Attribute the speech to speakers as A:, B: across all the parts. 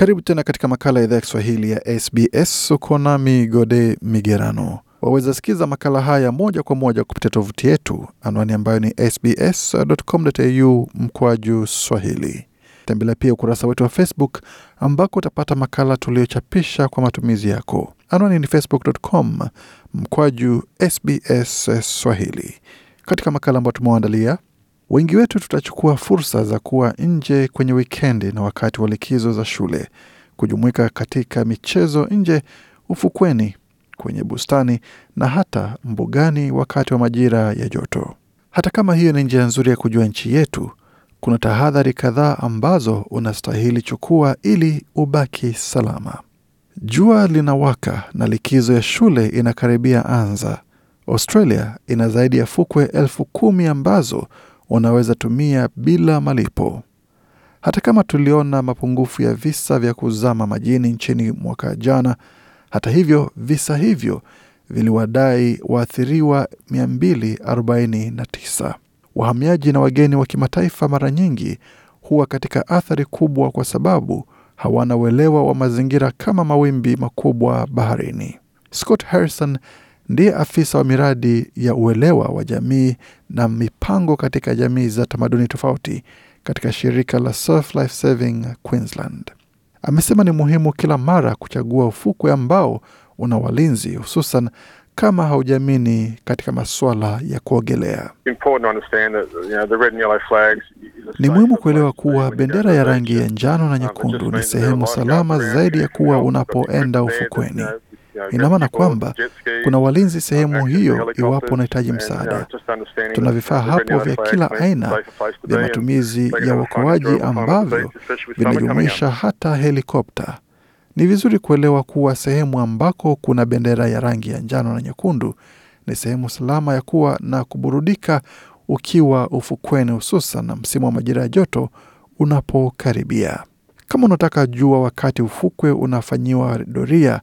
A: Karibu tena katika makala ya idhaa ya Kiswahili ya SBS. Uko nami Gode Migerano. Waweza sikiza makala haya moja kwa moja kupitia tovuti yetu, anwani ambayo ni sbs.com.au mkwaju swahili. Tembelea pia ukurasa wetu wa Facebook ambako utapata makala tuliochapisha kwa matumizi yako. Anwani ni facebook.com mkwaju sbs swahili. Katika makala ambayo tumewaandalia Wengi wetu tutachukua fursa za kuwa nje kwenye wikendi na wakati wa likizo za shule, kujumuika katika michezo nje, ufukweni, kwenye bustani na hata mbugani wakati wa majira ya joto. Hata kama hiyo ni njia nzuri ya kujua nchi yetu, kuna tahadhari kadhaa ambazo unastahili chukua ili ubaki salama. Jua linawaka na likizo ya shule inakaribia anza. Australia ina zaidi ya fukwe elfu kumi ambazo unaweza tumia bila malipo. Hata kama tuliona mapungufu ya visa vya kuzama majini nchini mwaka jana, hata hivyo visa hivyo viliwadai waathiriwa 249. Wahamiaji na wageni wa kimataifa mara nyingi huwa katika athari kubwa kwa sababu hawana uelewa wa mazingira kama mawimbi makubwa baharini. Scott Harrison ndiye afisa wa miradi ya uelewa wa jamii na mipango katika jamii za tamaduni tofauti katika shirika la Surf Life Saving Queensland. Amesema ni muhimu kila mara kuchagua ufukwe ambao una walinzi, hususan kama haujamini katika masuala ya kuogelea. Ni muhimu kuelewa kuwa bendera ya rangi ya njano na nyekundu ni sehemu salama zaidi ya kuwa unapoenda ufukweni. Ina maana kwamba kuna walinzi sehemu hiyo iwapo unahitaji uh, msaada. Tuna vifaa hapo vya kila aina vya matumizi ya uokoaji ambavyo vinajumuisha hata helikopta. Ni vizuri kuelewa kuwa sehemu ambako kuna bendera ya rangi ya njano na nyekundu ni sehemu salama ya kuwa na kuburudika ukiwa ufukweni, hususan na msimu wa majira ya joto unapokaribia. Kama unataka jua wakati ufukwe unafanyiwa doria,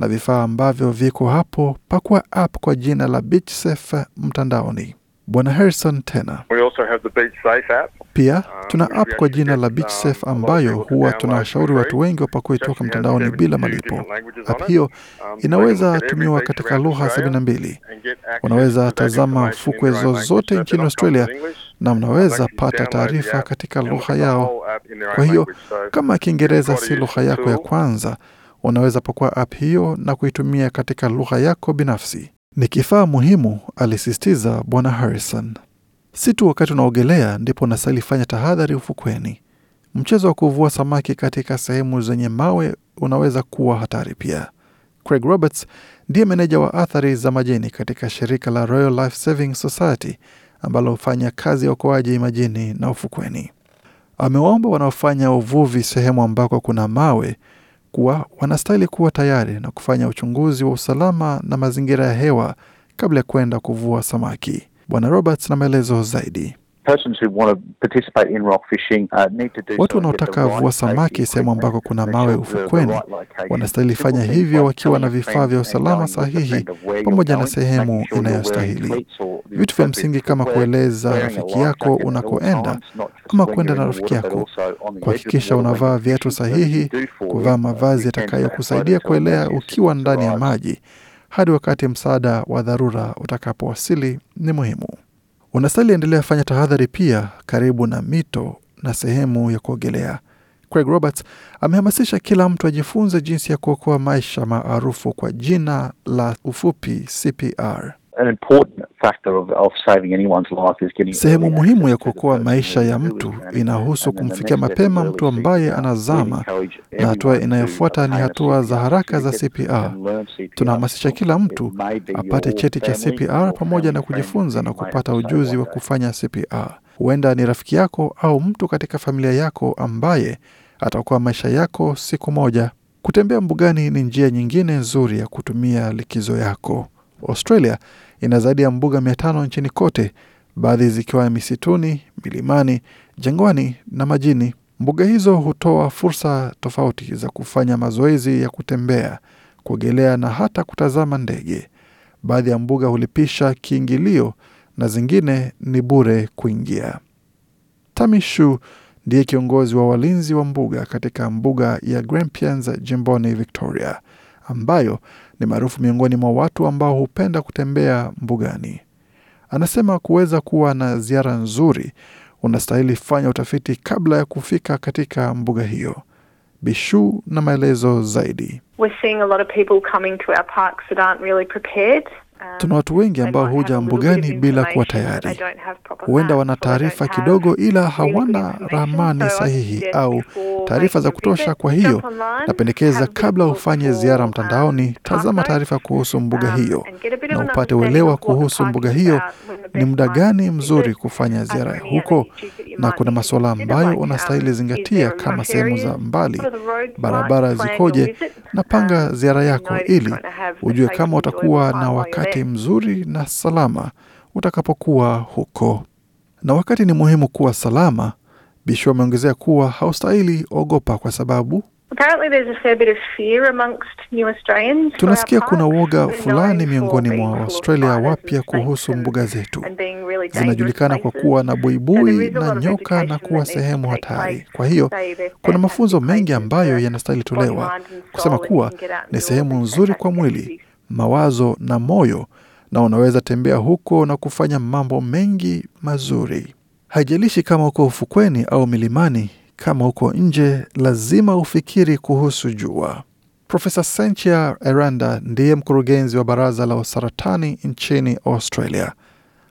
A: na vifaa ambavyo viko hapo, pakua app kwa jina la BeachSafe mtandaoni. Bwana Harrison tena pia uh, tuna app kwa jina la Beach uh, Safe ambayo huwa tunawashauri watu wengi wapakue toka mtandaoni bila malipo. App hiyo um, inaweza tumiwa katika lugha 72. Unaweza tazama fukwe zozote nchini Australia na mnaweza pata taarifa katika lugha yao. Kwa hiyo kama Kiingereza si lugha yako ya kwanza unaweza pakua app hiyo na kuitumia katika lugha yako binafsi. Ni kifaa muhimu, alisisitiza Bwana Harrison. Si tu wakati unaogelea ndipo unastahili fanya tahadhari ufukweni. Mchezo wa kuvua samaki katika sehemu zenye mawe unaweza kuwa hatari pia. Craig Roberts ndiye meneja wa athari za majini katika shirika la Royal Life Saving Society ambalo hufanya kazi ya uokoaji majini na ufukweni. Amewaomba wanaofanya uvuvi sehemu ambako kuna mawe kuwa wanastahili kuwa tayari na kufanya uchunguzi wa usalama na mazingira ya hewa kabla ya kwenda kuvua samaki. Bwana Roberts na maelezo zaidi. Uh, Watu wanaotaka vua samaki sehemu ambako kuna mawe ufukweni wanastahili fanya hivyo wakiwa na vifaa vya usalama sahihi pamoja na sehemu inayostahili. Vitu vya msingi kama kueleza rafiki yako unakoenda ama kwenda na rafiki yako, kuhakikisha unavaa viatu sahihi, kuvaa mavazi yatakayokusaidia kuelea ukiwa ndani ya maji hadi wakati msaada wa dharura utakapowasili ni muhimu. Wanastali endelea fanya tahadhari pia karibu na mito na sehemu ya kuogelea. Craig Roberts amehamasisha kila mtu ajifunze jinsi ya kuokoa maisha maarufu kwa jina la ufupi CPR. Sehemu muhimu ya kuokoa maisha ya mtu inahusu kumfikia mapema mtu ambaye uh, anazama, na hatua inayofuata uh, ni hatua za haraka za CPR. Tunahamasisha kila mtu apate cheti cha CPR pamoja na kujifunza na kupata ujuzi wa kufanya CPR. Huenda ni rafiki yako au mtu katika familia yako ambaye ataokoa maisha yako siku moja. Kutembea mbugani ni njia nyingine nzuri ya kutumia likizo yako. Australia ina zaidi ya mbuga mia tano nchini kote, baadhi zikiwa misituni, milimani, jangwani na majini. Mbuga hizo hutoa fursa tofauti za kufanya mazoezi ya kutembea, kuogelea na hata kutazama ndege. Baadhi ya mbuga hulipisha kiingilio na zingine ni bure kuingia. Tamishu ndiye kiongozi wa walinzi wa mbuga katika mbuga ya Grampians jimboni Victoria ambayo ni maarufu miongoni mwa watu ambao hupenda kutembea mbugani. Anasema kuweza kuwa na ziara nzuri, unastahili fanya utafiti kabla ya kufika katika mbuga hiyo. Bishu na maelezo zaidi. We're seeing a lot of people coming to our parks that aren't really prepared. Tuna watu wengi um, ambao huja mbugani bila kuwa tayari, huenda wana taarifa kidogo, ila hawana ramani sahihi au taarifa za kutosha. Kwa hiyo napendekeza, kabla ufanye ziara um, mtandaoni, tazama taarifa kuhusu mbuga um, hiyo na upate uelewa kuhusu mbuga hiyo. Uh, Ni muda gani mzuri kufanya ziara huko, na kuna masuala ambayo unastahili zingatia, kama sehemu za mbali, barabara zikoje, na panga ziara yako ili ujue kama utakuwa na wakati wakati mzuri na salama utakapokuwa huko, na wakati ni muhimu kuwa salama. Bishu ameongezea kuwa haustahili ogopa kwa sababu tunasikia kuna uoga fulani miongoni mwa Waustralia wapya kuhusu mbuga zetu zinajulikana kwa kuwa na buibui na nyoka na kuwa sehemu hatari. Kwa hiyo kuna mafunzo mengi ambayo yanastahili tolewa kusema kuwa ni sehemu nzuri kwa mwili mawazo na moyo, na unaweza tembea huko na kufanya mambo mengi mazuri. Haijalishi kama uko ufukweni au milimani, kama uko nje, lazima ufikiri kuhusu jua. Profesa sentia Eranda ndiye mkurugenzi wa baraza la saratani nchini Australia.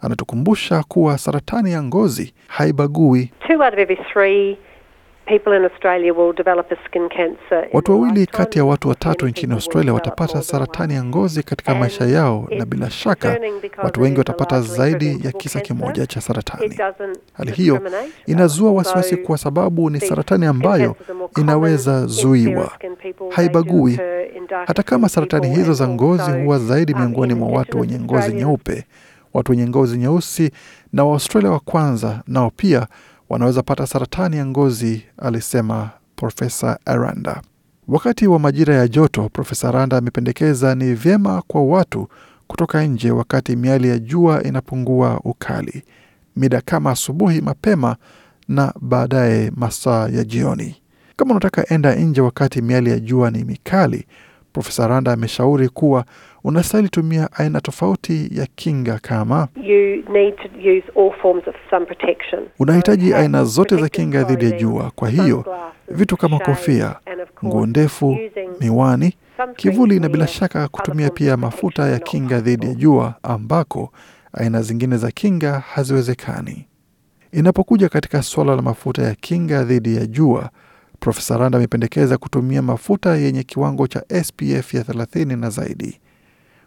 A: Anatukumbusha kuwa saratani ya ngozi haibagui. Two out of every three Watu wawili kati ya watu watatu nchini Australia watapata saratani ya ngozi katika maisha yao, na bila shaka watu wengi watapata zaidi ya kisa kimoja cha saratani. Hali hiyo uh, inazua wasiwasi kwa sababu ni saratani ambayo inaweza zuiwa, haibagui. Hata kama saratani hizo za ngozi huwa zaidi um, miongoni mwa watu wenye ngozi nyeupe, watu wenye ngozi nyeusi na Waaustralia wa kwanza nao pia wanaweza pata saratani ya ngozi, alisema Profesa Aranda. Wakati wa majira ya joto, Profesa Aranda amependekeza ni vyema kwa watu kutoka nje wakati miali ya jua inapungua ukali, mida kama asubuhi mapema na baadaye masaa ya jioni. Kama unataka enda nje wakati miali ya jua ni mikali, Profesa Randa ameshauri kuwa unastahili tumia aina tofauti ya kinga kama Unahitaji aina zote za kinga dhidi ya jua. Kwa hiyo vitu kama kofia, nguo ndefu, miwani, kivuli na bila shaka kutumia pia mafuta ya kinga dhidi ya jua ambako aina zingine za kinga haziwezekani. Inapokuja katika suala la mafuta ya kinga dhidi ya jua, Profesa Rand amependekeza kutumia mafuta yenye kiwango cha SPF ya 30 na zaidi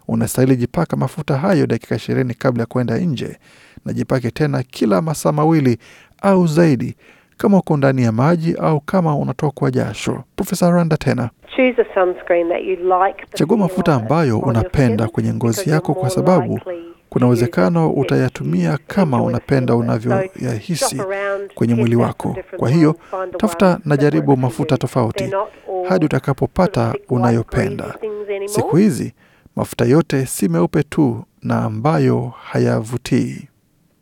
A: unastahili jipaka mafuta hayo dakika ishirini kabla ya kuenda nje, na jipake tena kila masaa mawili au zaidi kama uko ndani ya maji au kama unatokwa jasho. Profesa Randa tena like chagua mafuta ambayo unapenda kwenye ngozi yako, kwa sababu kuna uwezekano utayatumia kama unapenda unavyoyahisi kwenye mwili wako. Kwa hiyo tafuta na jaribu mafuta tofauti hadi utakapopata unayopenda. Siku hizi Mafuta yote si meupe tu na ambayo hayavutii.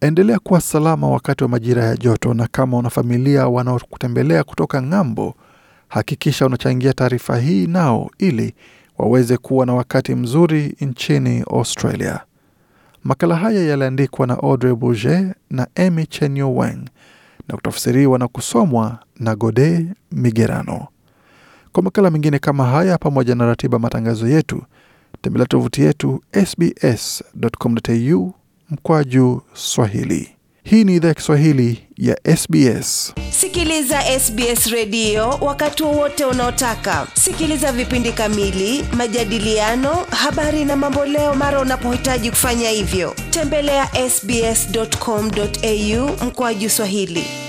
A: Endelea kuwa salama wakati wa majira ya joto, na kama una familia wanaokutembelea kutoka ng'ambo, hakikisha unachangia taarifa hii nao ili waweze kuwa na wakati mzuri nchini Australia. Makala haya yaliandikwa na Audrey Bourget na Emy Chenyo Wang na kutafsiriwa na kusomwa na Gode Migerano. Kwa makala mengine kama haya pamoja na ratiba matangazo yetu tembelea tovuti yetu sbs.com.au mkwaju Swahili. Hii ni idhaa ya Kiswahili ya SBS. Sikiliza SBS redio wakati wowote unaotaka. Sikiliza vipindi kamili, majadiliano, habari na mamboleo mara unapohitaji kufanya hivyo. Tembelea ya sbs.com.au juu Swahili.